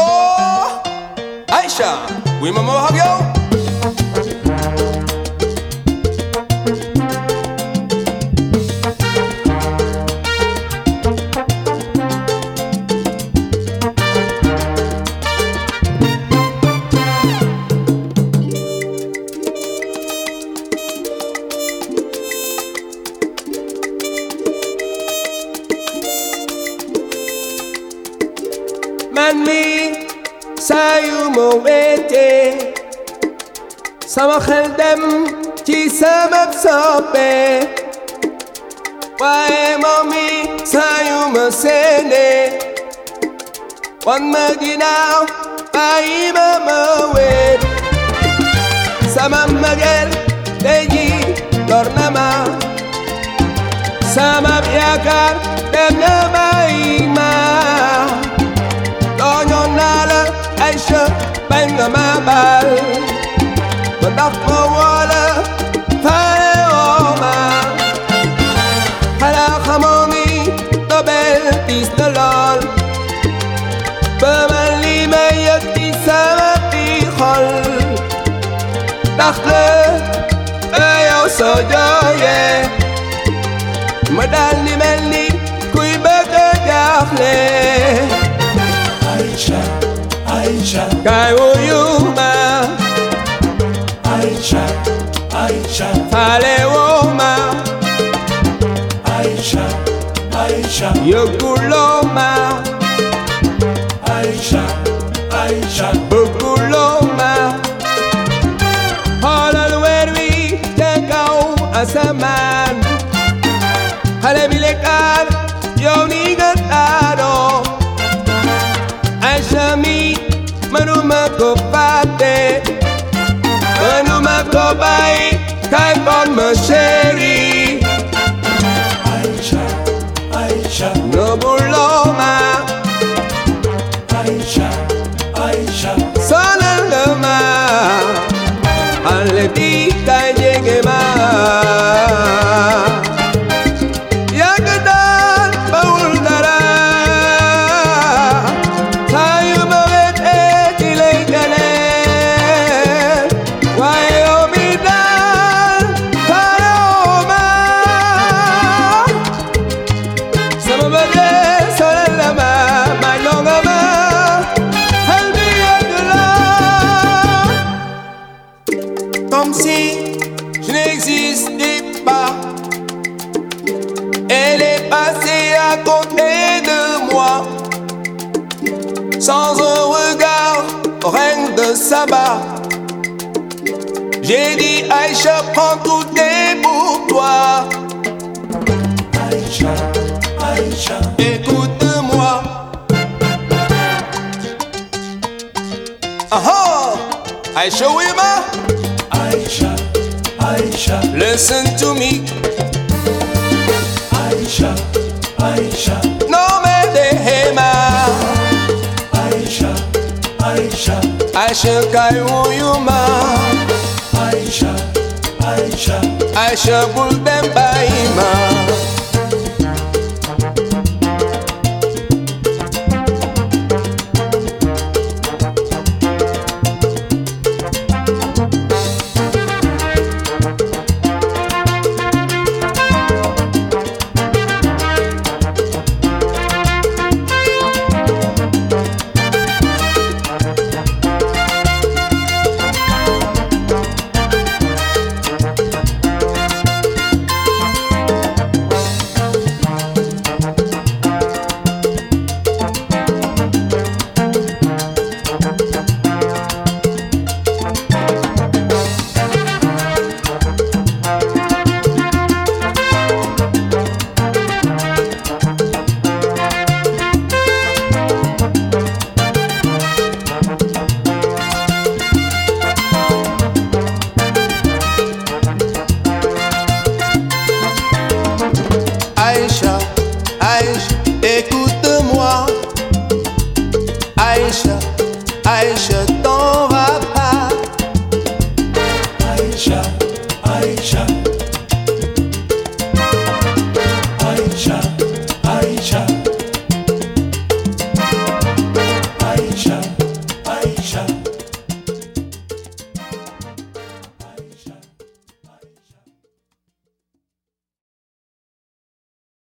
Oh, Aisha, we mama hug yo. man saa yu sama xel dem ci sama soppe waaye moom mi saa yu ma seenee wan ma ginnaaw bàyyi ma ma weet sama magel lor na ma sama yaakaar taxle ee yow soo jooyee ma dal di mel ni kuy bëgg a jaaxle Aïcha Aïcha kaay wuyu ma Aïcha Aïcha faale woo ma Aïcha Aïcha yëguloo ma Aïcha Aïcha bëggul jaar yow ni nga taaroo Assami mënuma ko fàtte mënuma ko bàyyi kay bon ma chéri Aïcha Aïcha nobuloo ma à côté de moi. Sans regard, règne de sabbat. J'ai dit Aïcha, prends tout est pour toi. Aïcha, Aïcha. Écoute-moi. Ah oh! Aïcha Wima! Aïcha, Aïcha. Listen to me. Ayşe uyuma Ayşe, Ayşe Ayşe gül ben bayma Aïcha, Aïcha, t'en vas pas. Aïcha, Aïcha.